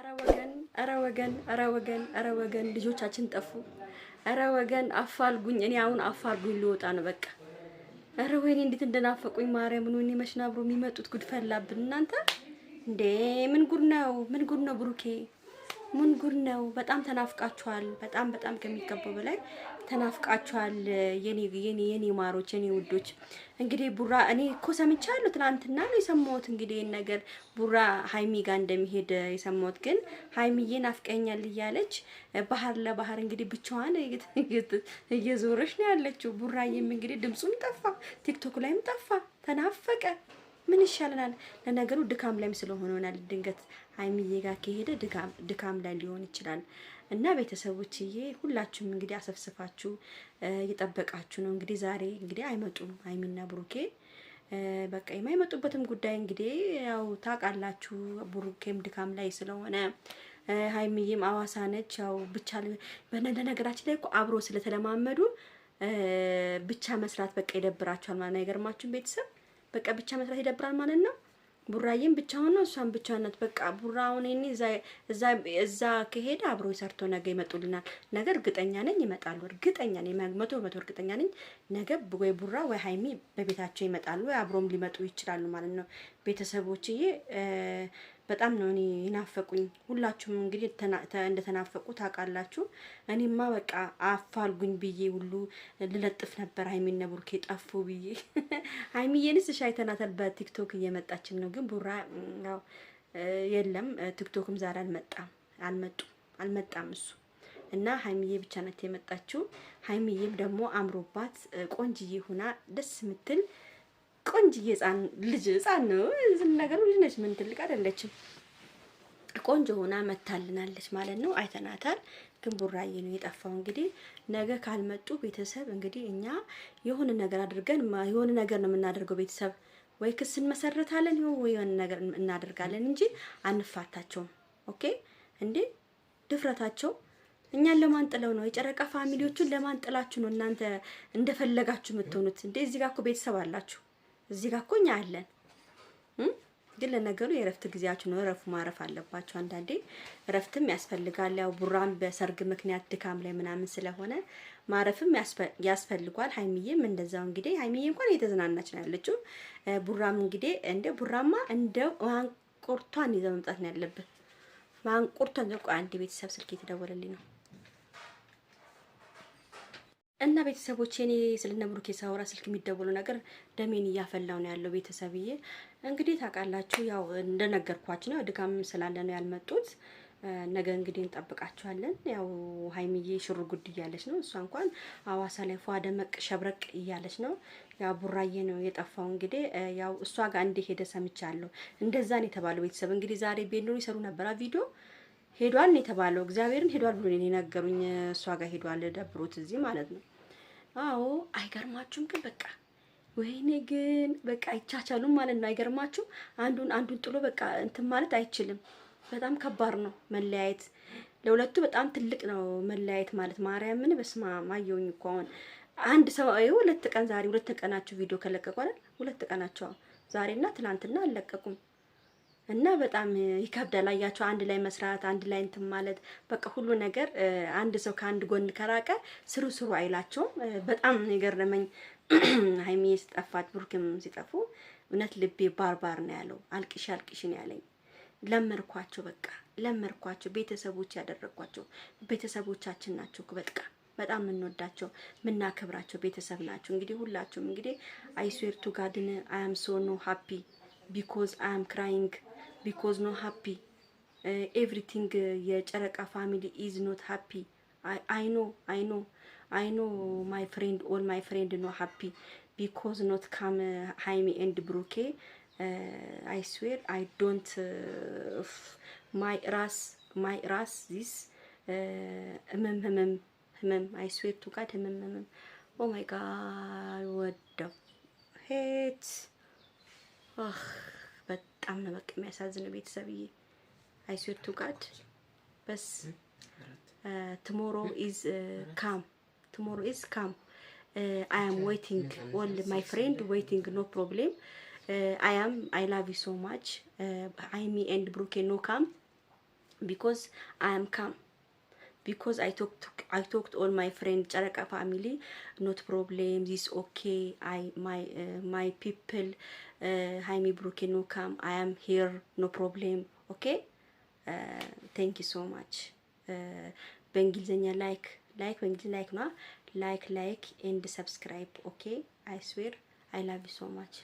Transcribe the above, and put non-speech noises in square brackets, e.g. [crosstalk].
አረ ወገን፣ አረ ወገን፣ አረ ወገን፣ አረ ወገን፣ ልጆቻችን ጠፉ። አረ ወገን አፋልጉኝ። እኔ አሁን አፋልጉኝ ልወጣ ነው በቃ። አረ ወይኔ እንዴት እንደናፈቁኝ ማርያምን። ወይኔ መች የሚመጡት? ጉድፈላብን እናንተ። እንዴ ምን ጉድ ነው? ምን ጉድ ነው ብሩኬ ምን ጉድ ነው? በጣም ተናፍቃችኋል። በጣም በጣም ከሚገባው በላይ ተናፍቃችኋል። የኔ የኔ የኔ ማሮች የኔ ውዶች እንግዲህ ቡራ እኔ እኮ ሰምቻለሁ። ትናንትና ነው የሰማሁት። እንግዲህ ነገር ቡራ ሀይሚ ጋር እንደሚሄድ የሰማሁት ግን ሀይሚዬ ናፍቀኛል እያለች ባህር ለባህር እንግዲህ ብቻዋን እየዞረች ነው ያለችው። ቡራዬም እንግዲህ ድምፁም ጠፋ፣ ቲክቶክ ላይም ጠፋ፣ ተናፈቀ። ምን ይሻለናል? ለነገሩ ድካም ላይም ስለሆነ ይሆናል። ድንገት ሀይሚዬ ጋር ከሄደ ድካም ላይ ሊሆን ይችላል። እና ቤተሰቦችዬ ሁላችሁም እንግዲህ አሰብስፋችሁ እየጠበቃችሁ ነው። እንግዲህ ዛሬ እንግዲህ አይመጡም ሀይሚና ብሩኬ በቃ የማይመጡበትም ጉዳይ እንግዲህ ያው ታውቃላችሁ። ብሩኬም ድካም ላይ ስለሆነ ሀይሚዬም አዋሳ ነች። ያው ብቻ በነገራችን ላይ እኮ አብሮ ስለተለማመዱ ብቻ መስራት በቃ ይደብራችኋል ማለት ነው። አይገርማችሁም ቤተሰብ በቃ ብቻ መስራት ይደብራል ማለት ነው። ቡራዬም ብቻውን ነው፣ እሷም ብቻዋን ናት። በቃ ቡራውን እኔ እዛ እዛ ከሄደ አብሮ ሰርቶ ነገ ይመጡልናል። ነገ እርግጠኛ ነኝ ይመጣሉ። እርግጠኛ ነኝ መቶ በመቶ እርግጠኛ ነኝ። ነገ ወይ ቡራ ወይ ሀይሚ በቤታቸው ይመጣሉ፣ አብሮም ሊመጡ ይችላሉ ማለት ነው ቤተሰቦችዬ በጣም ነው እኔ የናፈቁኝ። ሁላችሁም እንግዲህ እንደተናፈቁ ታውቃላችሁ። እኔማ በቃ አፋልጉኝ ብዬ ሁሉ ልለጥፍ ነበር ሀይሚና ቡርኬ ጠፉ ብዬ። [laughs] ሀይሚዬንስ ሻይተናታል በቲክቶክ እየመጣችን ነው፣ ግን ቡራ የለም ቲክቶክም ዛሬ አልመጣም አልመጡ አልመጣም እሱ እና ሀይሚዬ ብቻ ናት የመጣችው። ሀይሚዬም ደግሞ አምሮባት ቆንጅዬ ሁና ደስ የምትል ቆንጅዬ ህፃን ልጅ ህፃን ነው። ዝም ነገር ልጅ ነች፣ ምን ትልቅ አይደለችም። ቆንጆ ሆና መታልናለች ማለት ነው። አይተናታል። ግን ቡራዬ ነው የጠፋው። እንግዲህ ነገ ካልመጡ ቤተሰብ እንግዲህ እኛ የሆነ ነገር አድርገን የሆነ ነገር ነው የምናደርገው ቤተሰብ ወይ ክስ እንመሰረታለን ወይ የሆነ ነገር እናደርጋለን እንጂ አንፋታቸውም። ኦኬ እንዴ ድፍረታቸው እኛን ለማን ጥለው ነው? የጨረቃ ፋሚሊዎቹን ለማን ጥላችሁ ነው እናንተ እንደፈለጋችሁ የምትሆኑት እንዴ? እዚህ ጋር እኮ ቤተሰብ አላችሁ። እዚህ ጋር እኮ እኛ አለን። ግን ለነገሩ የእረፍት ጊዜያችሁ ነው። እረፉ፣ ማረፍ አለባችሁ። አንዳንዴ እረፍትም ያስፈልጋል። ያው ቡራም በሰርግ ምክንያት ድካም ላይ ምናምን ስለሆነ ማረፍም ያስፈልጓል። ሀይሚዬም እንደዛው እንግዲህ ሀይሚዬ እንኳን የተዝናናች ነው ያለችው። ቡራም እንግዲህ እንደ ቡራማ እንደ ማንቁርቷን ይዘው መምጣት ነው ያለብን። ማንቁርቷን ዘቆ አንድ ቤተሰብ ስልክ የተደወለልኝ ነው እና ቤተሰቦች እኔ ስለ ብሩኬ ሳወራ ስልክ የሚደውሉ ነገር ደሜን እያፈላው ነው ያለው። ቤተሰብዬ እንግዲህ ታውቃላችሁ፣ ያው እንደነገርኳችሁ ነው። ድካም ስላለ ነው ያልመጡት። ነገ እንግዲህ እንጠብቃችኋለን። ያው ሀይሚዬ ሽሩ ጉድ እያለች ነው። እሷ እንኳን አዋሳ ላይ ፏ ደመቅ ሸብረቅ እያለች ነው። ያው ቡራዬ ነው የጠፋው። እንግዲህ ያው እሷ ጋር ሄደ ሰምቻለሁ። እንደዛ ነው የተባለው። ቤተሰብ እንግዲህ ዛሬ ቤኖ ይሰሩ ነበራ ቪዲዮ ሄዷል ነው የተባለው። እግዚአብሔርን ሄዷል ብሎ ነው የነገሩኝ። እሷ ጋር ሄዷል ደብሮት እዚህ ማለት ነው አዎ አይገርማችሁም? ግን በቃ ወይኔ ግን በቃ አይቻቻሉም ማለት ነው። አይገርማችሁ? አንዱን አንዱን ጥሎ በቃ እንትን ማለት አይችልም። በጣም ከባድ ነው መለያየት። ለሁለቱ በጣም ትልቅ ነው መለያየት ማለት ማርያምን በስማ ማየውኝ እኮ አሁን አንድ ሰው ሁለት ቀን ዛሬ ሁለት ቀናቸው ቪዲዮ ከለቀቁ አይደል? ሁለት ቀናቸው ዛሬና ትናንትና አልለቀቁም። እና በጣም ይከብዳል። አያቸው አንድ ላይ መስራት፣ አንድ ላይ እንትን ማለት በቃ ሁሉ ነገር አንድ ሰው ከአንድ ጎን ከራቀ ስሩ ስሩ አይላቸውም። በጣም የገረመኝ [clears throat] ሀይሚ ሲጠፋት ብሩክም ሲጠፉ እውነት ልቤ ባርባር ነው ያለው። አልቅሽ አልቅሽ ነው ያለኝ። ለመርኳቸው በቃ ለመርኳቸው። ቤተሰቦች ያደረግኳቸው ቤተሰቦቻችን ናቸው በቃ በጣም የምንወዳቸው የምናከብራቸው ቤተሰብ ናቸው። እንግዲህ ሁላችሁም እንግዲህ አይስዌር ቱ ጋድን አያም ሶ ሀፒ ቢኮዝ አያም ክራይንግ ቢኮዝ ኖ ሃፒ ኤቭሪቲንግ የጨረቃ ፋሚሊ ኢዝ ኖት ሃፒ አይኖ አይኖ አይኖ ማይ ፍሬንድ ኦል ማይ ፍሬንድ ኖ ሃፒ ቢኮዝ ኖት ካም ሃይሚ ኤንድ ብሩኬ አይ ስዌር አይ ዶንት ማይ ራስ ማይ ራስ ዚስ ህመም ህመም ህመም አይ ስዌር ቱ ጋድ ህመም ህመም ኦ ማይ ጋድ ወደው ሄት በጣም ነው በቃ የሚያሳዝነው ቤተሰብዬ። አይ ስዌር ቱ ጋድ በስ ቱሞሮ ኢዝ ካም ቱሞሮ ኢዝ ካም አይ አም ዌቲንግ ኦል ማይ ፍሬንድ ዌቲንግ ኖ ፕሮብሌም አይ አም አይ ላቭ ዩ ሶ ማች አይሚ ኤንድ ብሩኬ ኖ ካም ቢኮዝ አይ አም ካም ቢኮዝ አይ ቶክት ኦል ማይ ፍሬንድ ጨረቃ ፋሚሊ ኖት ፕሮብሌም ዚስ ኦኬ ማይ ፒፕል ሃይሚ ብሩኬ ኖ ካም አይ አም ሂር ኖ ፕሮብሌም ኦኬ ቴንክ ዩ ሶ ማች በእንግሊዝኛ ላይክ ላይክ በእንግሊዝ ላይክ ነ ላይክ ላይክ ኤንድ ሰብስክራይብ ኦኬ አይ ስዌር አይ ላቭ ዩ ሶ ማች